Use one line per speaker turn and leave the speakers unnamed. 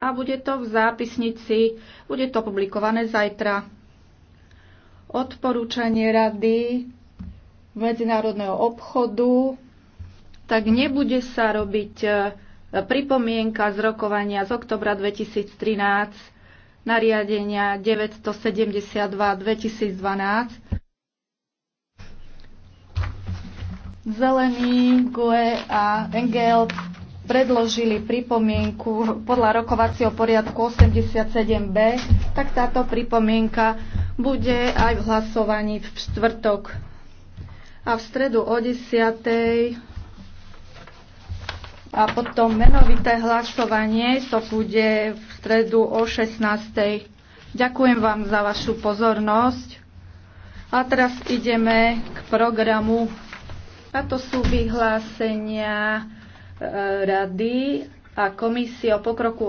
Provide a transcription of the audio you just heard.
a bude to v zápisnici, bude to publikované zajtra. Odporúčanie Rady medzinárodného obchodu, tak nebude sa robiť e, pripomienka z rokovania z oktobra 2013 nariadenia 972 2012 Zelený, GUE a Engel predložili pripomienku podľa rokovacieho poriadku 87b, tak táto pripomienka bude aj v hlasovaní v štvrtok. A v stredu o 10. A potom menovité hlasovanie to bude v stredu o 16. Ďakujem vám za vašu pozornosť. A teraz ideme k programu. A to sú vyhlásenia Rady a komisie o pokroku